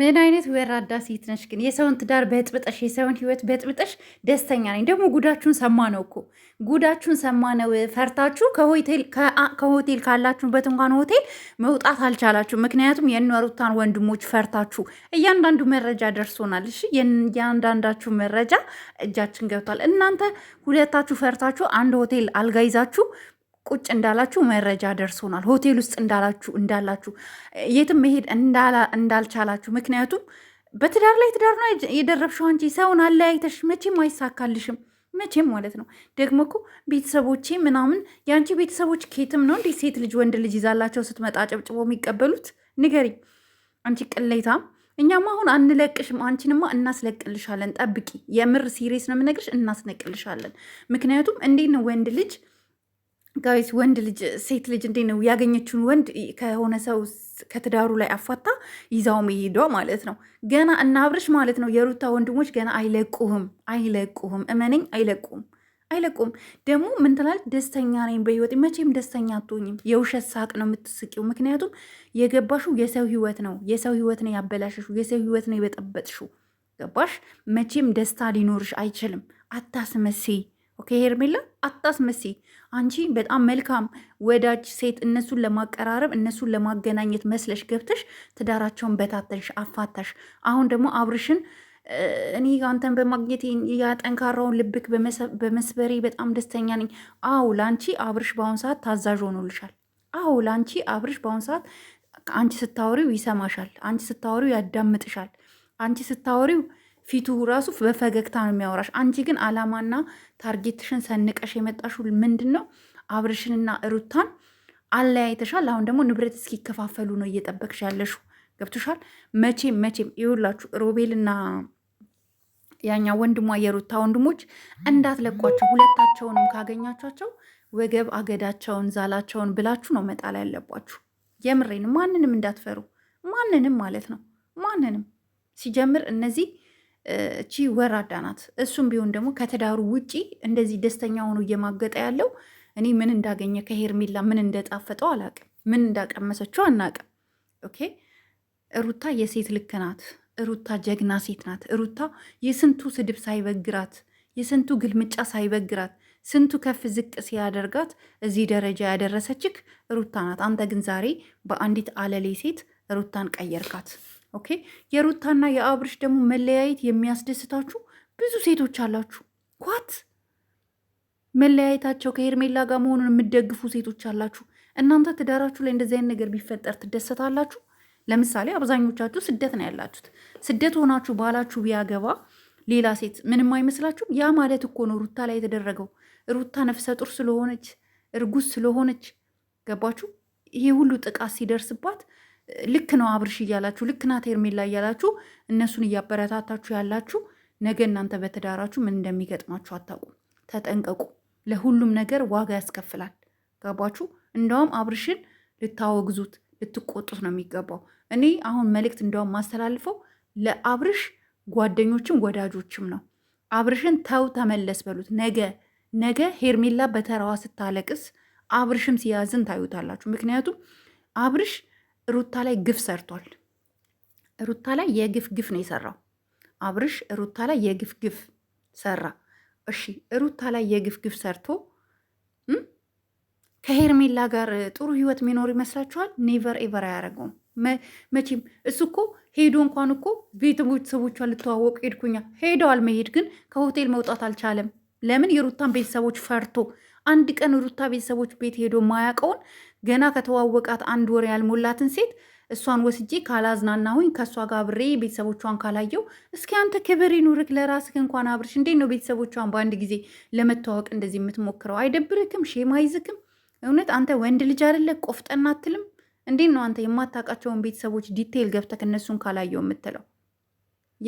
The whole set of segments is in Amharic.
ምን አይነት ወራዳ ሴት ነሽ ግን! የሰውን ትዳር በጥብጠሽ የሰውን ህይወት በጥብጠሽ ደስተኛ ነኝ። ደግሞ ጉዳችሁን ሰማ ነው እኮ ጉዳችሁን ሰማ ነው። ፈርታችሁ ከሆቴል ካላችሁበት እንኳን ሆቴል መውጣት አልቻላችሁ። ምክንያቱም የኗሩታን ወንድሞች ፈርታችሁ። እያንዳንዱ መረጃ ደርሶናል። እሺ፣ እያንዳንዳችሁ መረጃ እጃችን ገብቷል። እናንተ ሁለታችሁ ፈርታችሁ አንድ ሆቴል አልጋ ይዛችሁ ቁጭ እንዳላችሁ መረጃ ደርሶናል። ሆቴል ውስጥ እንዳላችሁ እንዳላችሁ የትም መሄድ እንዳልቻላችሁ ምክንያቱም በትዳር ላይ ትዳር ነው የደረብሽው አንቺ። ሰውን አለያይተሽ መቼም አይሳካልሽም፣ መቼም ማለት ነው። ደግሞ እኮ ቤተሰቦቼ ምናምን የአንቺ ቤተሰቦች ኬትም ነው እንዴ ሴት ልጅ ወንድ ልጅ ይዛላቸው ስትመጣ ጨብጭቦ የሚቀበሉት? ንገሪ አንቺ ቅሌታም። እኛማ አሁን አንለቅሽም፣ አንቺንማ እናስለቅልሻለን። ጠብቂ፣ የምር ሲሪየስ ነው የምነግርሽ፣ እናስለቅልሻለን። ምክንያቱም እንዴት ነው ወንድ ልጅ ጋይስ ወንድ ልጅ ሴት ልጅ እንዴ ነው ያገኘችውን ወንድ ከሆነ ሰው ከትዳሩ ላይ አፏታ ይዛው መሄዷ ማለት ነው። ገና እናብርሽ ማለት ነው የሩታ ወንድሞች ገና አይለቁህም፣ አይለቁህም፣ እመነኝ አይለቁም፣ አይለቁም። ደግሞ ምን ትላለች? ደስተኛ ነኝ በህይወት መቼም ደስተኛ አትሆኝም። የውሸት ሳቅ ነው የምትስቂው። ምክንያቱም የገባሹ የሰው ህይወት ነው፣ የሰው ህይወት ነው ያበላሸሹ፣ የሰው ህይወት ነው የበጠበጥሹ። ገባሽ? መቼም ደስታ ሊኖርሽ አይችልም። አታስመሴ ኦኬ ሄርሜላ አታስመሲ። አንቺ በጣም መልካም ወዳጅ ሴት፣ እነሱን ለማቀራረብ እነሱን ለማገናኘት መስለሽ ገብተሽ ትዳራቸውን በታተንሽ፣ አፋታሽ። አሁን ደግሞ አብርሽን እኔ አንተን በማግኘት ያጠንካራውን ልብክ በመስበሬ በጣም ደስተኛ ነኝ። አዎ ለአንቺ አብርሽ በአሁን ሰዓት ታዛዥ ሆኖልሻል። አዎ ለአንቺ አብርሽ በአሁን ሰዓት አንቺ ስታወሪው ይሰማሻል። አንቺ ስታወሪው ያዳምጥሻል። አንቺ ስታወሪው ፊቱ ራሱ በፈገግታ ነው የሚያወራሽ። አንቺ ግን አላማና ታርጌትሽን ሰንቀሽ የመጣሽው ምንድን ነው? አብርሽንና ሩታን አለያይተሻል። አሁን ደግሞ ንብረት እስኪከፋፈሉ ነው እየጠበቅሽ ያለሽው። ገብቶሻል። መቼም መቼም ይውላችሁ ሮቤልና ያኛ ወንድሟ የሩታ ወንድሞች እንዳትለቋቸው። ሁለታቸውንም ካገኛቸቸው ወገብ አገዳቸውን ዛላቸውን ብላችሁ ነው መጣል ያለባችሁ። የምሬን ማንንም እንዳትፈሩ፣ ማንንም ማለት ነው ማንንም ሲጀምር እነዚህ እቺ ወራዳ ናት። እሱም ቢሆን ደግሞ ከትዳሩ ውጪ እንደዚህ ደስተኛ ሆኖ እየማገጠ ያለው እኔ ምን እንዳገኘ ከሄርሜላ ምን እንደጣፈጠው አላቅም፣ ምን እንዳቀመሰችው አናቅም። ኦኬ ሩታ የሴት ልክ ናት። ሩታ ጀግና ሴት ናት። ሩታ የስንቱ ስድብ ሳይበግራት፣ የስንቱ ግልምጫ ሳይበግራት፣ ስንቱ ከፍ ዝቅ ሲያደርጋት እዚህ ደረጃ ያደረሰችክ ሩታ ናት። አንተ ግን ዛሬ በአንዲት አለሌ ሴት ሩታን ቀየርካት። ኦኬ የሩታና የአብርሽ ደግሞ መለያየት የሚያስደስታችሁ ብዙ ሴቶች አላችሁ። ኳት መለያየታቸው ከሄርሜላ ጋር መሆኑን የምደግፉ ሴቶች አላችሁ። እናንተ ትዳራችሁ ላይ እንደዚህ አይነት ነገር ቢፈጠር ትደሰታላችሁ? ለምሳሌ አብዛኞቻችሁ ስደት ነው ያላችሁት። ስደት ሆናችሁ ባላችሁ ቢያገባ ሌላ ሴት ምንም አይመስላችሁም? ያ ማለት እኮ ነው ሩታ ላይ የተደረገው። ሩታ ነፍሰ ጡር ስለሆነች እርጉዝ ስለሆነች ገባችሁ? ይሄ ሁሉ ጥቃት ሲደርስባት ልክ ነው አብርሽ እያላችሁ ልክ ናት ሄርሜላ እያላችሁ እነሱን እያበረታታችሁ ያላችሁ ነገ እናንተ በትዳራችሁ ምን እንደሚገጥማችሁ አታውቁም። ተጠንቀቁ። ለሁሉም ነገር ዋጋ ያስከፍላል። ገባችሁ? እንደውም አብርሽን ልታወግዙት ልትቆጡት ነው የሚገባው። እኔ አሁን መልእክት እንደውም ማስተላልፈው ለአብርሽ ጓደኞችም ወዳጆችም ነው። አብርሽን ተው ተመለስ በሉት። ነገ ነገ ሄርሜላ በተራዋ ስታለቅስ አብርሽም ሲያዝን ታዩታላችሁ። ምክንያቱም አብርሽ ሩታ ላይ ግፍ ሰርቷል። ሩታ ላይ የግፍ ግፍ ነው የሰራው አብርሽ። ሩታ ላይ የግፍ ግፍ ሰራ። እሺ ሩታ ላይ የግፍ ግፍ ሰርቶ ከሄርሜላ ጋር ጥሩ ህይወት ሚኖር ይመስላችኋል? ኔቨር ኤቨር አያደርገውም። መቼም እሱ እኮ ሄዶ እንኳን እኮ ቤተሰቦቿን ልተዋወቁ ሄድኩኛ ሄደዋል። መሄድ ግን ከሆቴል መውጣት አልቻለም። ለምን? የሩታን ቤተሰቦች ፈርቶ አንድ ቀን ሩታ ቤተሰቦች ቤት ሄዶ ማያውቀውን ገና ከተዋወቃት አንድ ወር ያልሞላትን ሴት እሷን ወስጄ ካላዝናናሁኝ ከእሷ ጋር አብሬ ቤተሰቦቿን ካላየው፣ እስኪ አንተ ክብር ይኑርክ ለራስህ እንኳን አብርሽ። እንዴት ነው ቤተሰቦቿን በአንድ ጊዜ ለመተዋወቅ እንደዚህ የምትሞክረው? አይደብርክም? ሼም አይዝክም? እውነት አንተ ወንድ ልጅ አደለ ቆፍጠና አትልም? እንዴት ነው አንተ የማታውቃቸውን ቤተሰቦች ዲቴይል ገብተህ እነሱን ካላየው የምትለው?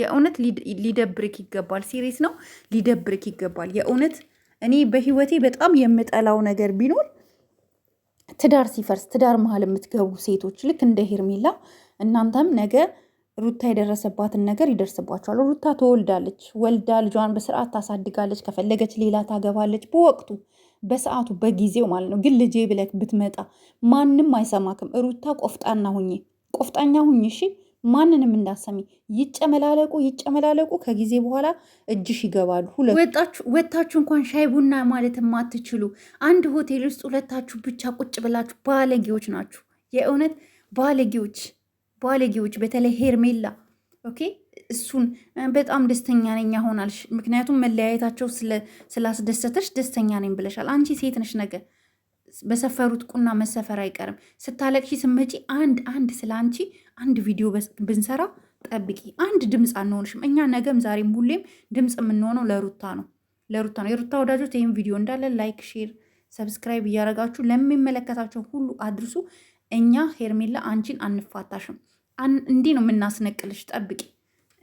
የእውነት ሊደብርክ ይገባል። ሲሪስ ነው፣ ሊደብርክ ይገባል። የእውነት እኔ በህይወቴ በጣም የምጠላው ነገር ቢኖር ትዳር ሲፈርስ ትዳር መሀል የምትገቡ ሴቶች ልክ እንደ ሄርሜላ እናንተም ነገ ሩታ የደረሰባትን ነገር ይደርስባቸዋል። ሩታ ትወልዳለች፣ ወልዳ ልጇን በስርዓት ታሳድጋለች። ከፈለገች ሌላ ታገባለች፣ በወቅቱ በሰዓቱ በጊዜው ማለት ነው። ግን ልጄ ብለክ ብትመጣ ማንም አይሰማክም። ሩታ ቆፍጣና ሁኚ፣ ቆፍጣኛ ሁኚ እሺ። ማንንም እንዳሰሚ ይጨመላለቁ ይጨመላለቁ። ከጊዜ በኋላ እጅሽ ይገባሉ። ወታችሁ እንኳን ሻይ ቡና ማለት የማትችሉ አንድ ሆቴል ውስጥ ሁለታችሁ ብቻ ቁጭ ብላችሁ ባለጌዎች ናችሁ። የእውነት ባለጌዎች ባለጌዎች። በተለይ ሄርሜላ ኦኬ፣ እሱን በጣም ደስተኛ ነኝ ሆናልሽ። ምክንያቱም መለያየታቸው ስላስደሰተሽ ደስተኛ ነኝ ብለሻል። አንቺ ሴት ነሽ ነገር በሰፈሩት ቁና መሰፈር አይቀርም። ስታለቅሺ ስመጪ አንድ አንድ ስለ አንቺ አንድ ቪዲዮ ብንሰራ ጠብቂ። አንድ ድምፅ አንሆንሽም። እኛ ነገም፣ ዛሬም፣ ሁሌም ድምፅ የምንሆነው ለሩታ ነው ለሩታ ነው። የሩታ ወዳጆች ይህም ቪዲዮ እንዳለ ላይክ፣ ሼር፣ ሰብስክራይብ እያደረጋችሁ ለሚመለከታቸው ሁሉ አድርሱ። እኛ ሄርሜላ አንቺን አንፋታሽም። እንዲህ ነው የምናስነቅልሽ። ጠብቂ።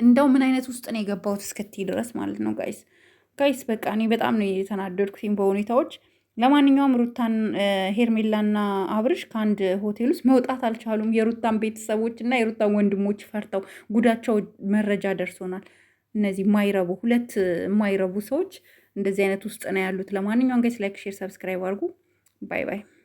እንደው ምን አይነት ውስጥ ነው የገባሁት እስክትይ ድረስ ማለት ነው። ጋይስ ጋይስ፣ በቃ እኔ በጣም ነው የተናደድኩትም በሁኔታዎች ለማንኛውም ሩታን ሄርሜላና አብርሽ ከአንድ ሆቴል ውስጥ መውጣት አልቻሉም። የሩታን ቤተሰቦች እና የሩታን ወንድሞች ፈርተው ጉዳቸው መረጃ ደርሶናል። እነዚህ የማይረቡ ሁለት የማይረቡ ሰዎች እንደዚህ አይነት ውስጥ ነው ያሉት። ለማንኛውም ጋይስ ላይክ፣ ሼር፣ ሰብስክራይብ አድርጉ። ባይ ባይ።